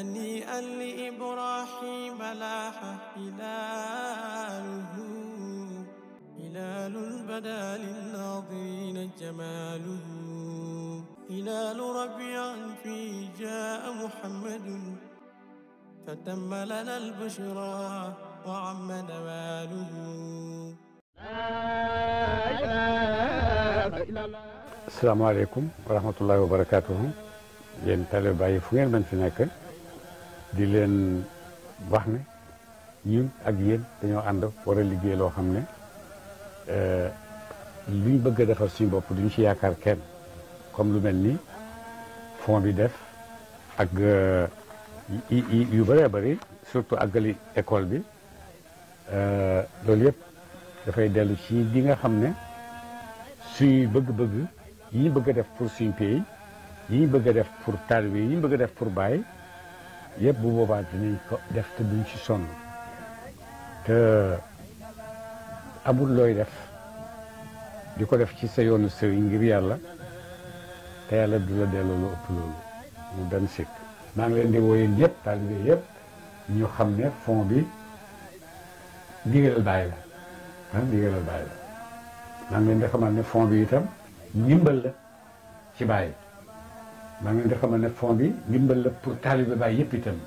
هنيئا لإبراهيم لاح هلاله هلال بدا للناظرين جماله هلال ربيع فيه جاء محمد فتم لنا البشرى وعم نواله السلام عليكم ورحمة الله وبركاته yéen talibé yi من ngeen di leen wax ne ñun ak yéen dañoo ànd war a liggéey loo xam ne euh, luñ bëgg a defar suñu bopp duñ ci yaakaar kenn comme lu mel ni fond bi def ak euh, yu bëree bëri surtout àggali école bi euh, loolu yëpp dafay dellu ci li nga xam ne suñuy bëgg-bëgg yi ñu bëgg a def pour suñu pays yi ñu bëgg a def pour taalibe yi ñu bëgg a def pour Baye. yépp bu boobaa dinañ ko def te ci sonn te amul looy def di ko def ci sa yoonu sëriñ ngir yàlla te yàlla du la delloo lu ëpp loolu mu benn sikk maa ngi leen di wooye yëpp taalibe yëpp ñu xam ne fond bi ndigalal bàyyi la ah ndigalal maa ngi leen di xamal ne fond bi itam ndimbal la ci bàyyi maa ngi leen di xamal ne fon bi ndimbal la pour taalibe Baay yëpp itam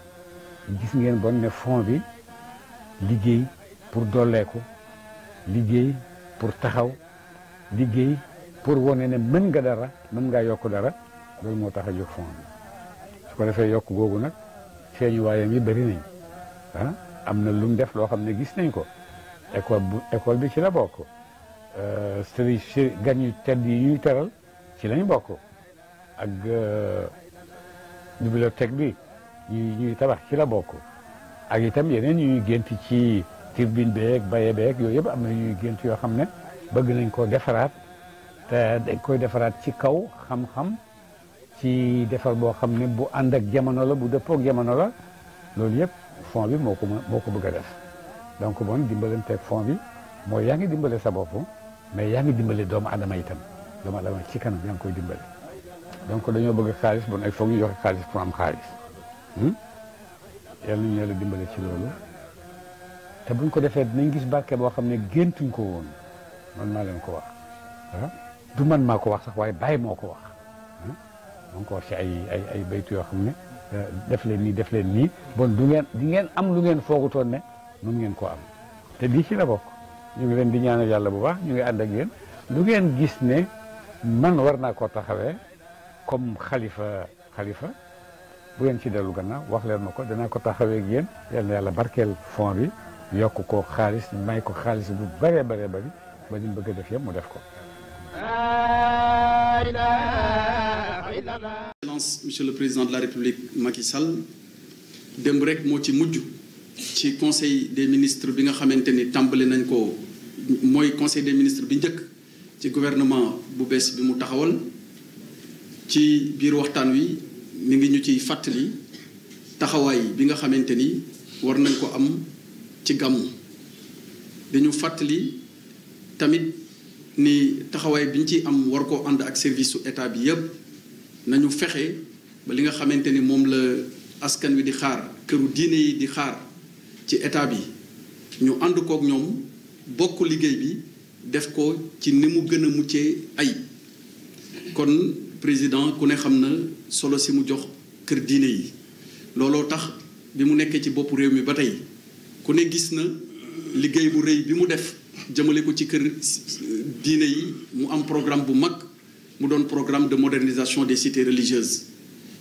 gis ngeen bon ne fond bi liggéey pour dolleeku liggéey pour taxaw liggéey pour wane ne mën nga dara mën ngaa yokk dara loolu moo tax a jóg fond bi su ko defee yokk googu nag feeñu waayam yi bëri nañ ah, am na lu def loo xam ne gis nañ ko école bu école bi ci la bokk euh, sëriñ si gan yu tedd yi ñuy teral ci lañ bokk ak bibliothèque bi ñu ñuy tabax ci la bokk ak itam yeneen ñuy gént ci turbine beeg baye beeg yooyu yëpp am na ñuy gént yoo xam ne bëgg nañ ko defaraat te dañ koy defaraat ci kaw xam-xam ci defar boo xam bu ànd ak jamono la bu dëppoog jamono la loolu yëpp fond bi moo ko moo ko bëgg a def donc bon dimbalanteeg fond bi mooy yaa ngi dimbale sa bopp mais yaa ngi dimbale doomu adama itam doomu adama ci kanam yaa koy dimbale donc dañoo bëgg xaalis bon il faut ñu joxe xaalis pour am xaalis hmm? yàlla nañu yàlla dimbale ci loolu te buñ ko defee dinañ gis barke boo xam ne géntuñ ko woon man maa leen ko wax ah? du man maa ko wax sax waaye bàyyi moo ko wax moo hmm? ngi ko wax ci ay ay ay baytu yoo xam ne euh, def leen nii def leen nii bon du ngeen di ngeen am lu ngeen foogutoon ne mun ngeen ko am te lii ci la ko ñu ngi leen di ñaanal yàlla bu baax ñu ngi ànd ak yéen lu ngeen gis ne man war naa koo taxawee comme khalifa khalifa bu ngeen ci delu gannaaw wax leen ma ko danaa ko taxawee ak yéen yal na yàlla barkeel fond bi yokk ko xaalis may ko xaalis bu bëree bëree bëri ba li mu bëgg a def yëpp mu def ko. Excellence monsieur le président de la République Macky Sall démb rek moo ci mujj ci conseil des ministres bi nga xamante ni tàmbali nañ ko mooy conseil des ministres bi njëkk ci gouvernement bu bees bi mu taxawal. ci biir waxtaan wi mu ngi ñu ciy fàttali taxawaay bi nga xamante ni war nañ ko am ci gàmmu dañu fàttali tamit ni taxawaay bi ñu ciy am war koo ànd ak service su état bi yépp nañu fexe ba li nga xamante ni moom la askan wi di xaar këru diine yi di xaar ci état bi ñu ànd kook ñoom bokk liggéey bi def ko ci ni mu gën a muccee ay kon président ku ne xam na solo si mu jox kër diine yi looloo tax bi mu nekkee ci bopp réew mi ba tey ku ne gis na liggéey bu rëy bi mu def jëmale ko ci kër diine yi mu am programme bu mag mu doon programme de modernisation des cités religieuses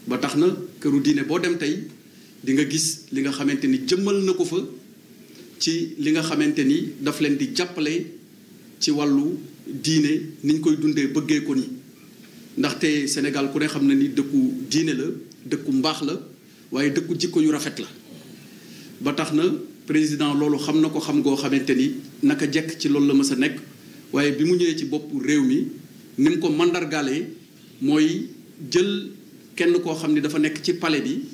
ba tax na këru diine boo dem tey di nga gis li nga xamante ni jëmmal na ko fa ci li nga xamante ni daf leen di jàppale ci wàllu diine niñ koy dundee bëggee ko ni ndaxte Sénégal ku ne xam na ni dëkku diine la dëkku mbaax la waaye dëkku jikko yu rafet la ba tax na président loolu xam na ko xam goo xamante ni naka jekk ci loolu la ma sa nekk waaye bi mu ñëwee ci bopp réew mi ni mu ko mandargaale mooy jël kenn koo xam ni dafa nekk ci pale bi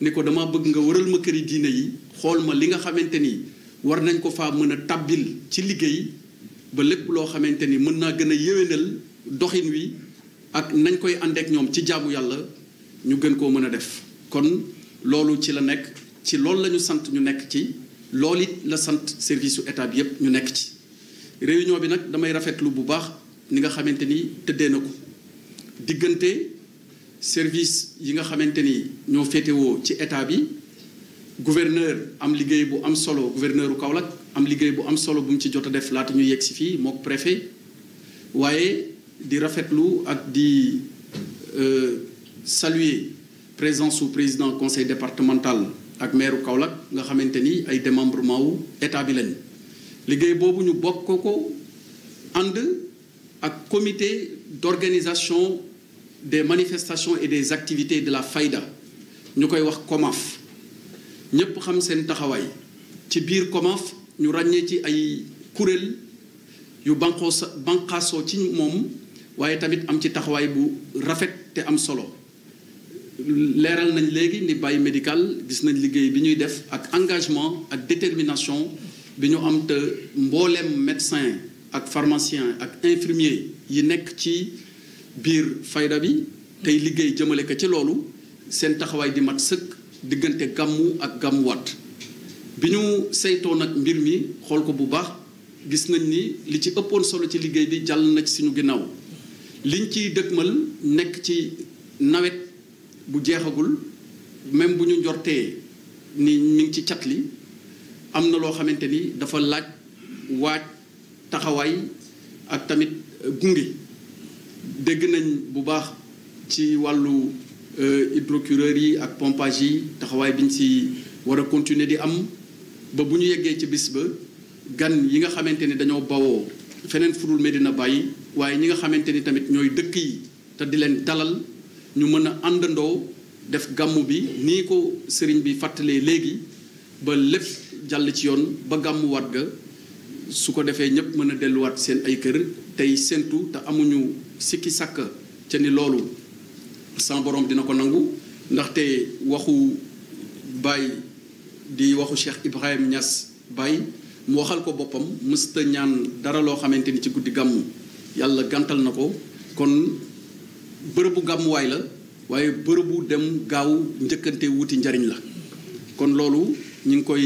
ni ko dama bëgg nga waral ma këri diine yi xool ma li nga xamante ni war nañ ko fa mën a tàbbil ci liggéey ba lépp loo xamante ni mën naa gën a yéwénal doxin wi ak nañ koy àndeek ñoom ci jaamu yàlla ñu gën koo mën a def kon loolu ci la nekk ci loolu lañu sant ñu nekk ci loolu it la sant service su état bi yëpp ñu nekk ci réunion bi nag damay rafetlu bu baax ni nga xamante ni tëddee na ko diggante service yi nga xamante ni ñoo féetewoo ci état bi gouverneur am liggéey bu am solo gouverneuru Kaolack am liggéey bu am solo bu mu ci jot a def laata ñu yegg si fii mook préfet waaye di rafetlu ak di euh, saluer présence au président conseil départemental ak maire Kaolack nga xamante ni ay démembrement wu état bi lañ liggéey boobu ñu bokk ko ànd ak comité d'organisation des manifestations et des activités de la Fayda ñu koy wax COMAF ñëpp xam seen taxawaay ci biir COMAF ñu ràññee ci ay kuréel yu banqoo banqaasoo ci moom waaye tamit am ci taxawaay bu rafet te am solo leeral nañ léegi ni bàyyi Médical gis nañ liggéey bi ñuy def ak engagement ak détermination bi ñu am te mbooleem médecin ak pharmacien ak infirmier yi nekk ci biir fayda bi tey liggéey jëmale ko ci loolu seen taxawaay di mat sëkk diggante gàmmu ak gàmmuwaat bi ñu saytoo nag mbir mi xool ko bu baax gis nañ ni li ci ëppoon solo ci liggéey bi jàll na ci suñu ginnaaw liñ ciy dëgmal nekk ci nawet bu jeexagul même bu ñu njortee ni mi ngi ci cat li am na loo xamante ni dafa laaj waaj taxawaay ak tamit euh, gunge dégg nañ bu baax ci wàllu euh, hydrocureur yi ak pompage yi taxawaay biñ si war a continuer di am ba bu ñu yeggee ci bis ba gan yi nga xamante ni dañoo bawoo feneen fudul Medina bàyyi waaye ñi nga xamante ni tamit ñooy dëkk yi te di leen dalal ñu mën a àndandoo def gàmmu bi nii ko sëriñ bi fàttalee léegi ba lépp jàll ci yoon ba gàmmuwaat ga su ko defee ñëpp mën a delluwaat seen ay kër tey séentu te amuñu sikki sàkk ca ni loolu sans borom dina ko nangu ndaxte waxu Baye di waxu Cheikh Ibrahim ñas Baye mu waxal ko boppam mësta ñaan dara loo xamante ni ci guddi gàmm yàlla gantal na kon bërëbu gàmm waay la waaye bërëbu dem gaaw njëkkante wuti njariñ la kon loolu ñu ngi koy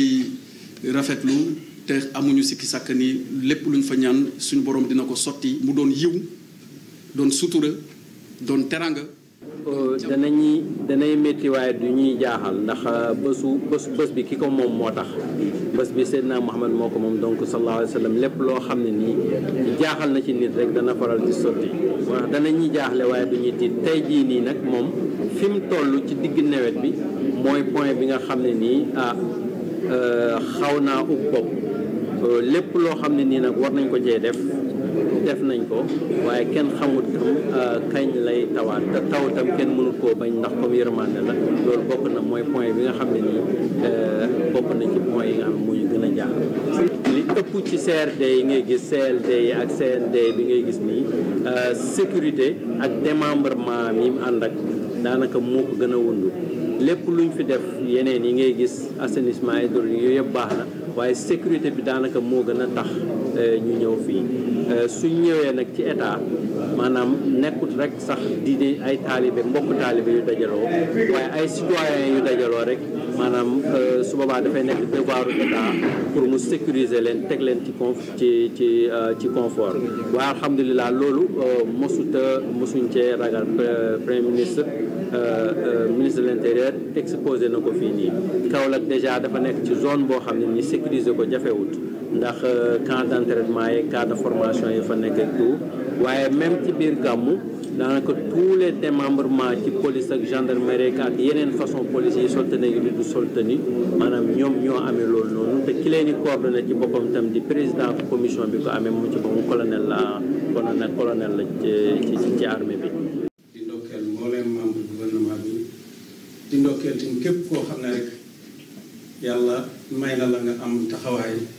rafetlu te amuñu sikki sàkk ni lépp luñ fa ñaan suñu borom dina ko sotti mu doon yiw doon sutura doon teranga dana danañuy danay métti waaye du ñuy jaaxal ndax euh, bésu bés bés bi ki ko moom moo tax bés bi Seydina Muhammad moo ko moom donc sallallahu alayhi wa sallam lépp loo xam ne nii jaaxal na ci nit rek dana faral di sotti wax danañuy jaaxle waaye du ñuy tiit tey jii nii nag moom fi mu toll ci digg nawet bi mooy point bi nga xam ne nii ah, euh, xaw naa ub bopp euh, lépp loo xam ne nii nag war nañ ko cee def def nañ ko waaye kenn xamut tam euh, kañ lay tawaat te taw tam kenn mënu koo bañ ndax comme yërmande la loolu bokk na mooy point bi nga xam ne nii euh, bokk na ci point yi nga gën a jaaxal li ci CRD yi ngay gis CLD yi ak CND bi ngay gis ni euh, sécurité ak démembrement yi mu ànd ak daanaka moo ko gën a wundu lépp luñ fi def yeneen yi ngay gis assainissement hydraulique yooyu yëpp baax na waaye sécurité bi daanaka moo gën a tax ñu ñëw fii Euh, suñ ñëwee nag ci état maanaam nekkut rek sax di di ay taalibe mbokk taalibe yu dajaloo waaye ay citoyen yu dajaloo rek maanaam euh, su boobaa dafay nekk devoiru état pour mu sécuriser leen teg leen ci conf ci ci euh, ci confort waaye alhamdulilah loolu mosuta mosuñ cee ragal premier ministre ministre de l' intérieur exposé na ko fii nii Kaolack dèjà dafa nekk ci zone boo xam ne ni sécuriser ko jafewut ndax euh, camp d'entraînement yi camp de formation yi fa nekk ak tout waaye même ci biir gàmmu daanaka tous les démembrements ci police ak gendarmerie ak yeneen façon police yi sol tenue yi du sol tenue maanaam ñoom ñoo amee loolu noonu te ki leen di ci boppam tam di président commission bi ko amee mu ci boppam colonel la colonel colonel la ci ci armée bi. di ndokkeel mbooleem membre gouvernement bi di ndokkeel tamit képp koo xam ne rek yàlla may na la nga am taxawaay.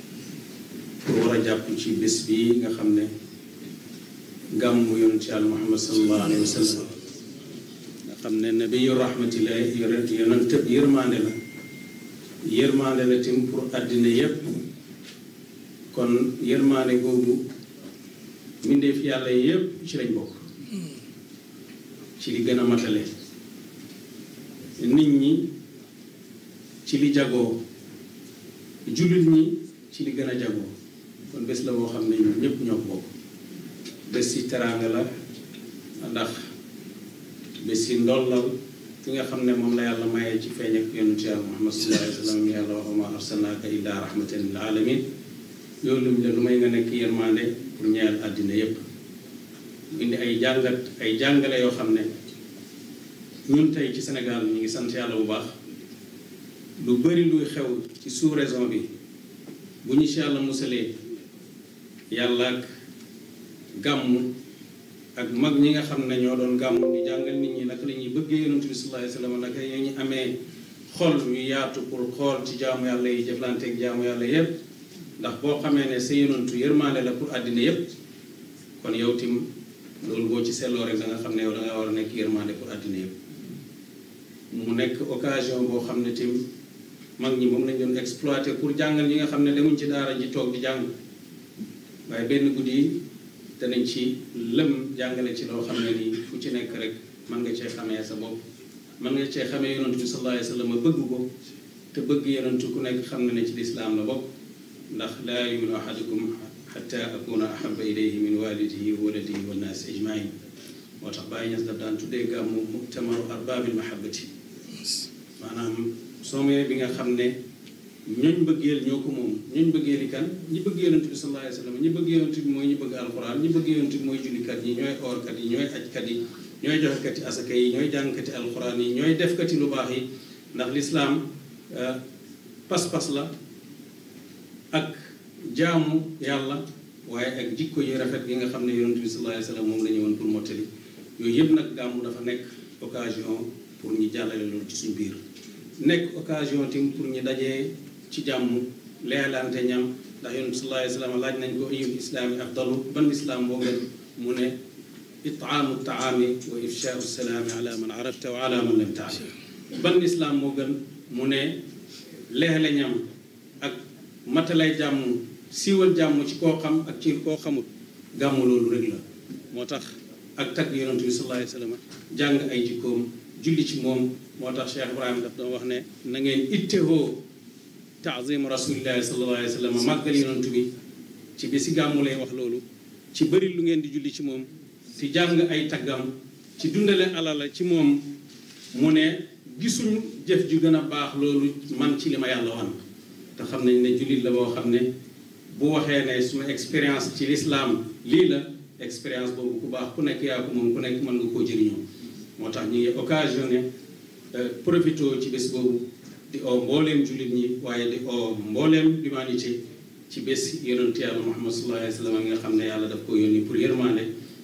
jàpp ci bés bi nga xam ne gàmmu yoon ci al muhammad sallallahu nga xam ne nabiyu rahmatillahi yonent yonent yërmande la yërmande la tim pour àddina yépp kon yërmande googu mbindeef yàlla yépp ci lañ bokk ci li gën a matale nit ñi ci li jagoo jullit ñi ci li gën a jagoo kon bés la boo xam ne ñun ñëpp ñoo ko bokk bés la ki nga xam ne moom la yàlla la lu may nga nekk yërmande pour àddina yépp indi ay jàngat ay jàngale yoo xam ne ñun tey ci Sénégal ñu ngi sant yàlla bu baax lu bari luy xew ci sous-région bi bu ñu ci yàlla musalee yàlla ak gàmmu ak mag ñi nga xam ne ñoo doon gàmmu ñu jàngal nit ñi naka lañuy ñuy bëggee yonent bi sallallahu alayhi wa naka la ñu amee xol yu yaatu pour xool ci jaamu yàlla yi jëflanteeg jaamu yàlla yépp ndax boo xamee ne sa yonentu yërmaande la pour àddina yépp kon yow tim loolu boo ci seetloo rek da nga xam ne yow da nga war a nekk yërmaande pour àddina yépp mu nekk occasion boo xam ne tim mag ñi moom lañ doon exploité pour jàngal ñi nga xam ne demuñ ci daara ji toog di jàng waaye benn guddi nañ ci lëm jàngale ci loo xam ne nii fu ci nekk rek mën nga cee xamee sa bopp mën nga cee xamee yonantu bi sallallahu alayhi wa sallam bëgg ko te bëgg yonantu ku nekk xam na ne ci lislaam la bokk ndax laa yuminu ahadukum xata a ahaba ilayhi min walidihi wa waladihi wa naasi ajmain moo tax bàyyi ñas daf daan tuddee gàmmu muktamaru arbaabil mahabbati maanaam sommee bi nga xam ne ñooñ bëggeel ñoo ko moom ñooñ bëggeel yi kan ñi bëgg yonent bi sallallahu alayhi wa sallam ñi bëgg yonent bi mooy ñi bëgg alxuraan ñi bëgg yonent bi mooy jullikat yi ñooy oorkat yi ñooy ajkat yi ñooy joxekati asaka yi ñooy jàngkati alxuraan yi ñooy defkati lu baax yi ndax lislaam euh, pas-pas la ak jaamu yàlla waaye ak jikko yu rafet gi nga xam ne yonent bi sallallahu alayhi wa sallam moom la ñëwoon pour mottali yooyu yëpp nag gàmmu dafa nekk occasion pour ñu jàllale loolu ci suñ biir nekk occasion tim pour ñu dajee ci jàmm leelante ñam ndax yonent bi sallallahu alayhi wa laaj nañ ko ayul islaami afdalu ban islaam moo gën mu ne itaamu taami wa ifshaau salaami ala moo gën mu ne leexle ñam jàmm siiwal jàmm ci koo xam moo tax ak tagg yonent bi ay jikkoom moo tax Cheikh Ibrahima daf taazimu rasulillahi sallallahu alayhi wa sallam màggal yonent bi ci bési gàmmu lay wax loolu ci bëri lu ngeen di julli ci moom ci jàng ay taggam ci dundale alala ci moom mu ne gisuñu jëf ju gën a baax loolu man ci li ma yàlla wan te xam nañ ne jullit la boo xam ne bu waxee ne ma expérience ci lislaam lii la expérience boobu ku baax ku nekk yaa ko moom ku nekk mën nga koo jëriñoo moo tax ñu ngi occasionné euh, profité ci bés boobu di oo mbooleem jullit ñi waaye di oo mbooleem l'humanité ci bés yonent yàlla Muhammad sallallahu alayhi wa sallam nga xam ne yàlla daf ko yónni pour yërmande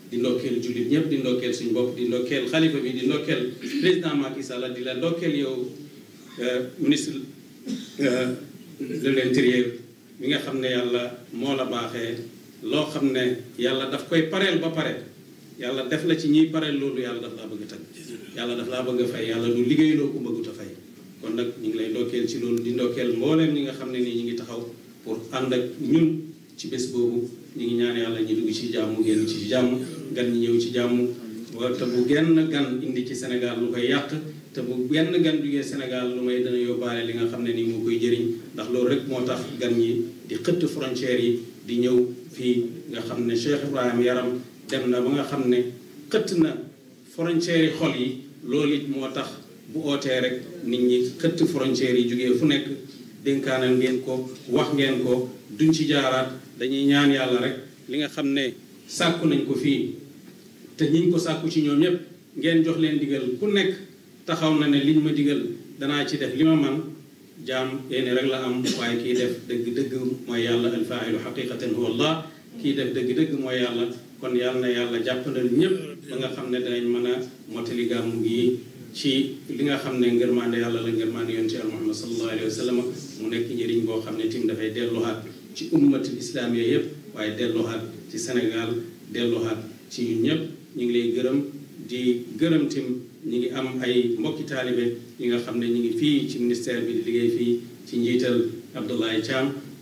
di ndokkeel jullit ñëpp di ndokkeel suñu bopp di ndokkeel xalifa bi di ndokkeel président Macky la di la ndokkeel yow euh, ministre euh, de l'intérieur mi nga xam ne yàlla moo la baaxee loo xam ne yàlla daf koy pareel ba pare yàlla def la ci ñiy pareel loolu yàlla daf laa bëgg a tag yàlla daf laa bëgg a fay yàlla kon nag ñu ngi lay ndokkeel ci loolu di ndokkeel mbooleem ñi nga xam ne nii ñu ngi taxaw pour ànd ak ñun ci bés boobu ñu ngi ñaan yàlla ñu dugg ci jàmm génn ci jàmm gan ñi ñëw ci jàmm wa te bu genn gan indi ci Sénégal lu koy yàq te bu genn gan jugee Sénégal lu may dana yóbbaale li nga xam ne nii moo koy jëriñ ndax loolu rek moo tax gan ñi di xëtt frontières yi di ñëw fii nga xam ne Cheikh Ibrahima Yaram dem na ba nga xam ne xëtt na frontières yi xol yi loolu moo tax bu ootee rek nit ñi xëtt frontières yi jógee fu nekk dénkaanal ngeen ko wax ngeen ko duñ ci jaaraat dañuy ñaan yàlla rek li nga xam ne sàkku nañ ko fii te ñi ko sàkku ci ñoom ñëpp ngeen jox leen digal ku nekk taxaw na ne liñ ma digal danaa ci def li ma man jaam yéen rek la am waaye kii def dëgg-dëgg mooy yàlla alfaa'ilu xaqiqatan huwa allah kii def dëgg-dëgg mooy yàlla kon yàlla yàlla jàppandal ñëpp ba nga xam ne danañ mën a motali gàmmu gi ci li nga xam ne ngërmaande yàlla la ngërmaande yonent yàlla Muhammad sallallahu alayhi wa sallam mu nekk njëriñ boo xam ne tim dafay delluwaat ci ummatul islaamiya yëpp waaye delluwaat ci senegal delluwaat ci ñun ñëpp ñu ngi lay gërëm di gërëm tim ñu ngi am ay mbokki taalibe yi nga xam ne ñu ngi fii ci ministère bi di liggéey fii ci njiital Abdoulaye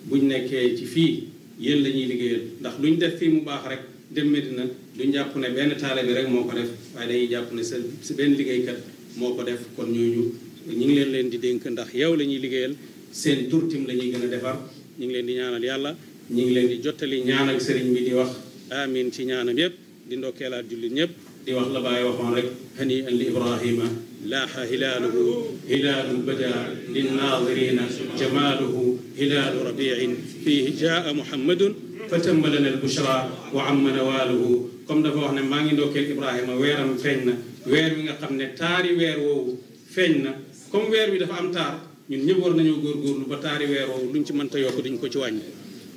bu ñu nekkee ci fii yéen lañuy ñuy liggéeyal ndax luñ def fii mu baax rek dem Medina duñ jàpp ne benn taalibe rek moo ko def waaye jàpp ne sa si benn liggéeykat moko def kon ñooñu ñi ngi leen leen di dénk ndax yow la ñuy liggéeyal seen turtim la ñuy gën a defar ñi ngi leen di ñaanal yàlla ñi ngi leen di jottali ak sëriñ bi di wax amin ci ñaanam yëpp di ndokkeelaat jullit ñëpp di wax la bàyyi waxoon rek hani an li ibrahima laaxa hilaaluhu hilaalu bada linnaazirina jamaaluhu hilaalu rabiin fiihi jaa muhammadun فتم لنا البشرى وعم نواله comme dafa wax ne maa ngi ndokkeel Ibrahima weeram feeñ na weer wi nga xam ne taari weer woowu feeñ na comme weer wi dafa am taar ñun ñëpp war nañoo góorgóorlu ba taari weer woowu ñu ci mënta yokk duñ ko ci wàññi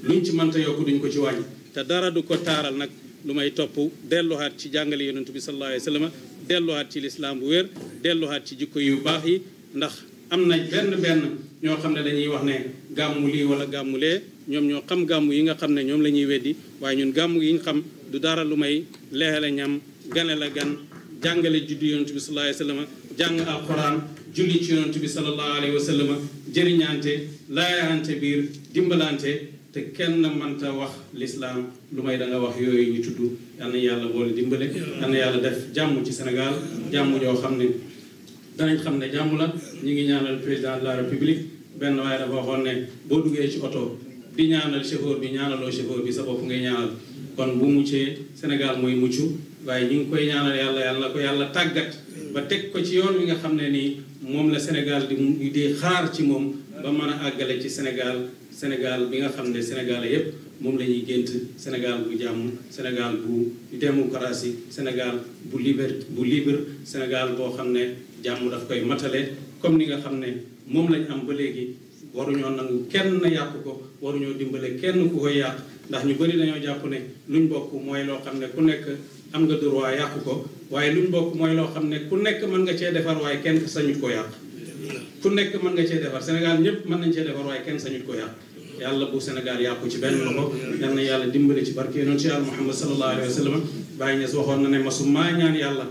luñ ci mënta yokk duñ ko ci wàññi te dara du ko taaral nag lu may topp delluwaat ci jàngale yonentu bi sallallahu alayhi wa sallam delluwaat ci lislaam bu wér delluwaat ci jikko yu baax yi ndax am na benn benn ñoo xam ne dañuy wax ne gàmmu lii wala gàmmu ñoom ñoo xam gàmmu yi nga xam ne ñoom la ñuy weddi du dara lu may leexale ñam gane la gan jàngale juddu yonent bi sallallahu alayhi wa sallam jàng alquran julli ci yonent bi sallallahu alayhi wa sallam biir dimbalante te kenn manta wax lislaam lu may da wax yooyu ñu tudd yal na yàlla dimbale yàlla def jàmm ci Sénégal jàmm joo xam ne danañ xam ne jàmm la ñu ngi ñaanal président de la république benn waaye dafa waxoon ne boo duggee ci oto di ñaanal chauffeur bi ñaanaloo chauffeur bi sa bopp ngay ñaanal kon bu muccee Sénégal mooy mucc waaye ñu ngi koy ñaanal yàlla yàlla ko yàlla tàggat ba teg ko ci yoon wi nga xam ne nii moom la Sénégal di di xaar ci moom ba mën a àggale ci Sénégal Sénégal bi nga xam ne Sénégal yépp moom lañuy gént Sénégal bu jàmm Sénégal bu démocratie Sénégal bu liber bu libre Sénégal boo xam ne jàmm daf koy matale comme ni nga xam ne moom lañ am ba léegi waruñoo nangu kenn yàq ko waruñoo dimbale kenn ku koy yàq ndax ñu bëri dañoo jàpp ne luñ bokk mooy loo xam ne ku nekk am nga yàq ko waaye luñ bokk mooy loo xam ne ku nekk mën nga cee defar waaye kenn sañu ko yàq ku nekk mën nga cee defar Sénégal ñëpp mën nañ cee defar waaye kenn sañu ko yàq yàlla bu Sénégal yàqu ci benn loxo yal na yàlla dimbale ci barke yonent ci yàlla Muhammad sallallahu alayhi wa sallam Baye Niass waxoon na ne masuma ñaan yàlla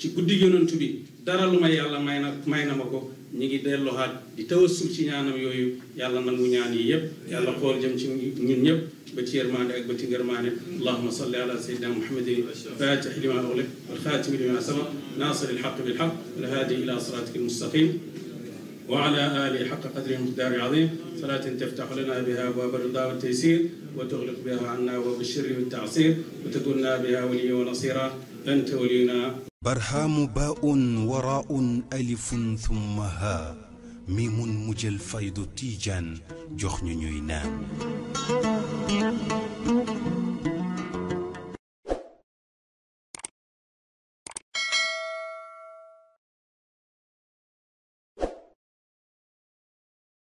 ci guddi yonent bi dara lu may yàlla may na may na ma ko ñu ngi delluwaat di tawassul ci ñaanam yooyu yàlla nangu ñaan yi yëpp yàlla xool jëm ci ñun ñëpp ba ci yërmaande ak ba ci ngërmaande allahuma salli ala sayidina muhammadin fatih lima ughliq walxaatimi lima sabaq nasir alxaq bilxaq walhaadi ila siratika almustaqim وعلى آله حق قدر المقدار العظيم صلاة تفتح لنا بها أبواب الرضا والتيسير وتغلق بها عنا وبالشر والتعصير وتكون بها وليا ونصيرا أنت ولينا برهام باء وراء ألف ثم هاء ميم مجل فيض تيجان جخن نام